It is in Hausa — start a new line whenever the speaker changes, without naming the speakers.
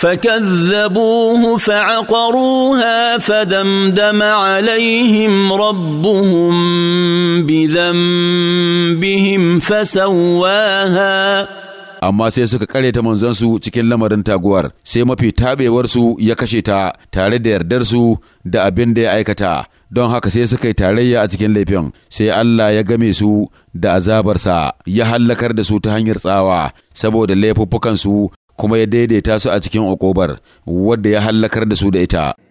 فكذبوه فعقروها فدمدم
عليهم
ربهم بذنبهم فسواها
amma sai suka karyata manzansu cikin lamarin taguwar sai mafi tabewarsu ya kashe ta tare da yardarsu da abin da ya aikata don haka sai suka yi tarayya a cikin laifin sai Allah ya game su da azabarsa ya hallakar da su ta hanyar tsawa saboda laifuffukansu kuma ya daidaita su a cikin okobar wadda ya hallakar da su da ita